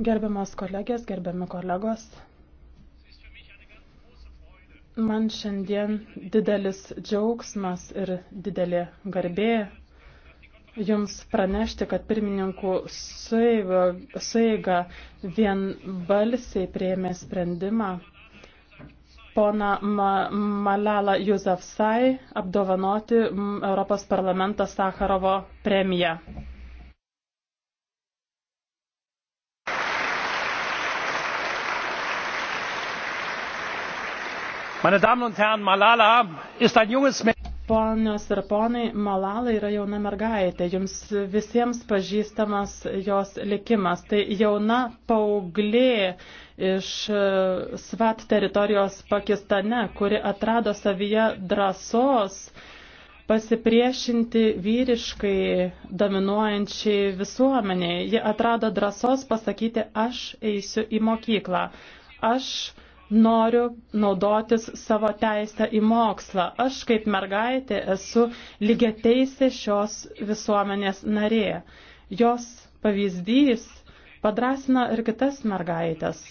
Gerbiamas kolegės, gerbiami kolegos, man šiandien didelis džiaugsmas ir didelė garbė Jums pranešti, kad pirmininkų sueiga vienbalsiai prieėmė sprendimą pona Ma Malala Yousafzai apdovanoti Europos parlamento Sakarovo premiją. meine damen und herren malala ist ein junges Ponios ir ponai, Malala yra jauna mergaitė, jums visiems pažįstamas jos likimas. Tai jauna paauglė iš e, Svat teritorijos Pakistane, kuri atrado savyje drąsos pasipriešinti vyriškai dominuojančiai visuomeniai. Ji atrado drąsos pasakyti, aš eisiu į mokyklą. Aš noriu naudotis savo teisę į mokslą. Aš kaip mergaitė esu lygiateisė šios visuomenės narė. Jos pavyzdys padrasina ir kitas mergaitės.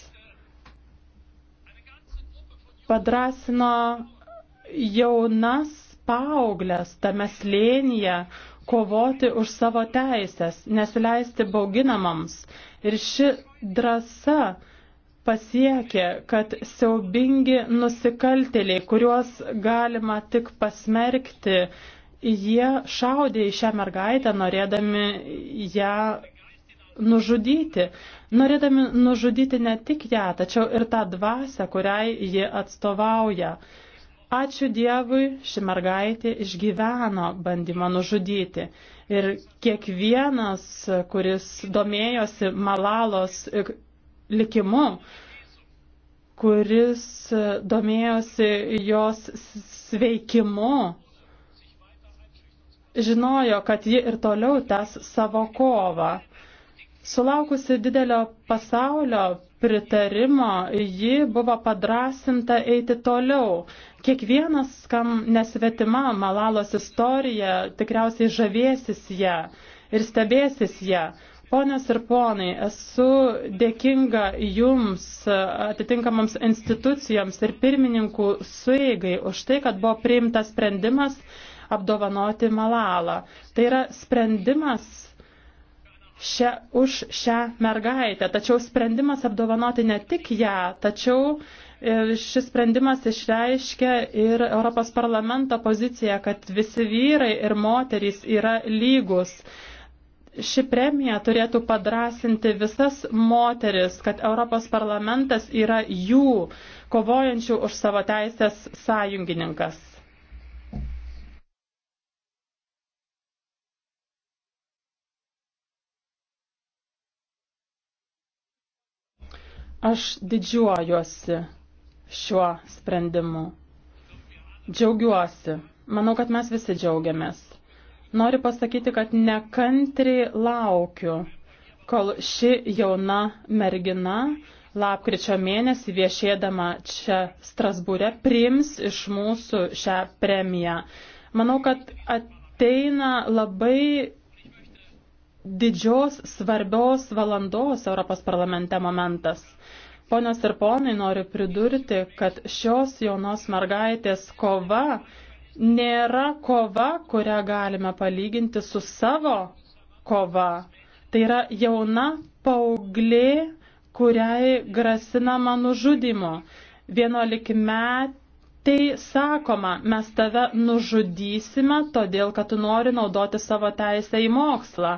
Padrasino jaunas paauglės tame slėnyje, kovoti už savo teisės, nesileisti bauginamams. Ir ši drąsa pasiekė, kad siaubingi nusikaltėliai, kuriuos galima tik pasmerkti, jie šaudė į šią mergaitę, norėdami ją nužudyti. Norėdami nužudyti ne tik ją, tačiau ir tą dvasę, kuriai ji atstovauja. Ačiū Dievui, ši mergaitė išgyveno bandymą nužudyti. Ir kiekvienas, kuris domėjosi Malalos likimu, kuris domėjosi jos sveikimu, žinojo, kad ji ir toliau tęs savo kovą. Sulaukusi didelio pasaulio pritarimo, ji buvo padrasinta eiti toliau. Kiekvienas, kam nesvetima Malalos istorija, tikriausiai žavėsis ją ir stebėsis ją. Ponios ir ponai, esu dėkinga Jums, e, atitinkamams institucijoms ir pirmininkų sueigai už tai, kad buvo priimtas sprendimas apdovanoti Malalą. Tai yra sprendimas šia, už šią mergaitę, tačiau sprendimas apdovanoti ne tik ją, tačiau e, šis sprendimas išreiškia ir Europos parlamento poziciją, kad visi vyrai ir moterys yra lygus. Ši premija turėtų padrasinti visas moteris, kad Europos parlamentas yra jų kovojančių už savo teisės sąjungininkas. Aš didžiuojuosi šiuo sprendimu. Džiaugiuosi. Manau, kad mes visi džiaugiamės. Noriu pasakyti, kad nekantriai laukiu, kol ši jauna mergina lapkričio mėnesį viešėdama čia Strasbūre priims iš mūsų šią premiją. Manau, kad ateina labai didžios svarbios valandos Europos parlamente momentas. Ponios ir ponai, noriu pridurti, kad šios jaunos mergaitės kova nėra kova, kurią galime palyginti su savo kova. Tai yra jauna paauglė, kuriai grasinama nužudimo. Vienuolikmetai sakoma, mes tave nužudysime, todėl kad tu nori naudoti savo teisę į mokslą.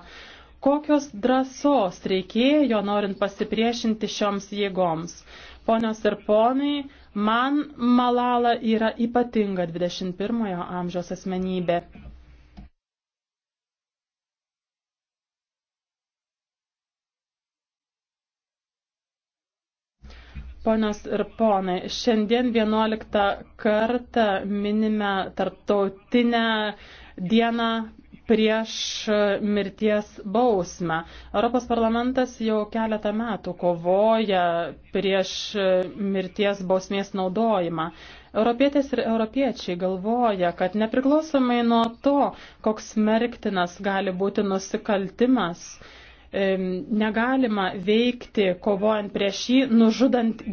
Kokios drąsos reikėjo, norint pasipriešinti šioms jėgoms? Ponios ir ponai, man Malala yra ypatinga 21-ojo amžiaus asmenybė. Ponios ir ponai, šiandien 11 kartą minime tarptautinę dieną prieš e, mirties bausmę. Europos parlamentas jau keletą metų kovoja prieš e, mirties bausmės naudojimą. Europietės ir europiečiai galvoja, kad nepriklausomai nuo to, koks smerktinas gali būti nusikaltimas, negalima veikti, kovojant prieš jį, nužudant gyvybę.